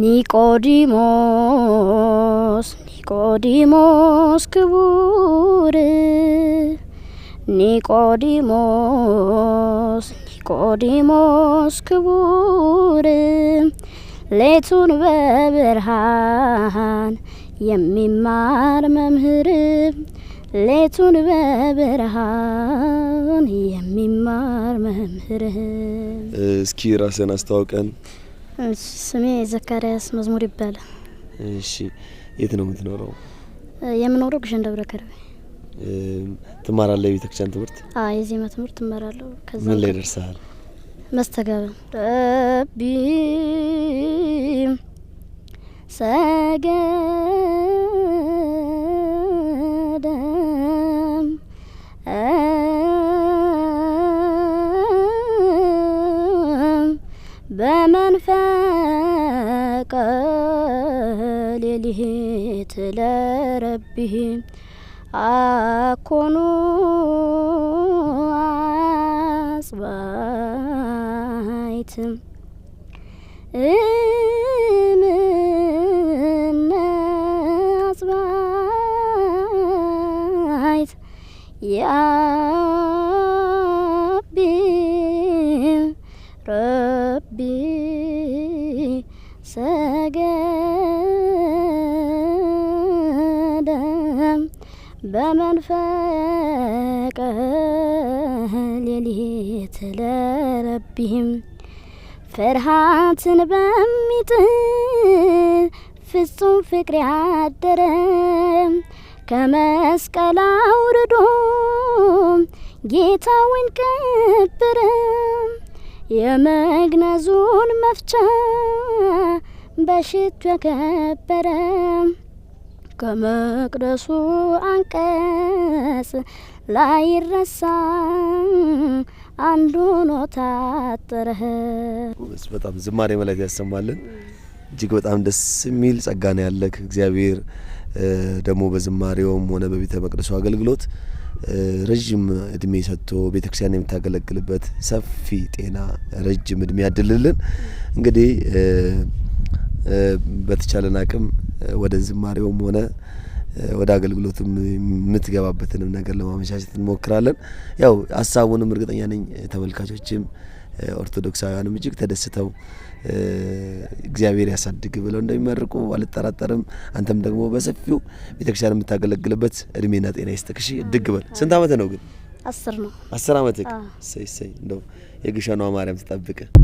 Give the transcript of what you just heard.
ኒቆዲሞስ ኒቆዲሞስ ክቡር ኒቆዲሞስ ኒቆዲሞስ ክቡር ሌቱን በብርሃን የሚማር መምህር ሌቱን በብርሃን የሚማር መምህር። እስኪ ራስን አስተዋውቀን። ስሜ ዘካሪያስ መዝሙር ይባላል። እሺ፣ የት ነው የምትኖረው? የምኖረው ግሸን ደብረ ከርቤ። ትማራለህ የቤተክርስቲያን ትምህርት? አዎ፣ የዜማ ትምህርት ትማራለሁ። ከዛ ምን ላይ ደርሰሃል? መስተጋበ ረቢ ሰገደም በመንፈቀ ሌሊት ለረቢህ አኮኑ አጽባይትም እምነ አጽባይት ያ ረቢ ሰገደ በመንፈቀ ሌሊት ለረቢም ፍርሃትን በሚጥል ፍጹም ፍቅር ያደረ ከመስቀል አውርዶ ጌታውን ቀበረ። የመግነዙን መፍቻ በሽቱ የከበረ ከመቅደሱ አንቀጽ ላይረሳ አንዱ ሆኖ ታጠረህ። በጣም ዝማሬ መላእክት ያሰማልን። እጅግ በጣም ደስ የሚል ጸጋ ነው ያለክ እግዚአብሔር ደግሞ በዝማሬውም ሆነ በቤተ መቅደሱ አገልግሎት ረዥም እድሜ ሰጥቶ ቤተክርስቲያን የምታገለግልበት ሰፊ ጤና ረጅም እድሜ ያድልልን። እንግዲህ በተቻለን አቅም ወደ ዝማሬውም ሆነ ወደ አገልግሎትም የምትገባበትንም ነገር ለማመቻቸት እንሞክራለን። ያው ሀሳቡንም እርግጠኛ ነኝ ተመልካቾችም ኦርቶዶክሳውያንም እጅግ ተደስተው እግዚአብሔር ያሳድግ ብለው እንደሚመርቁ አልጠራጠርም። አንተም ደግሞ በሰፊው ቤተክርስቲያን የምታገለግልበት እድሜና ጤና ይስጥክሽ። እድግ በል። ስንት አመት ነው ግን? አስር ነው። አስር አመት ሰይ ሰይ እንደው የግሸኗ ማርያም ትጠብቅህ።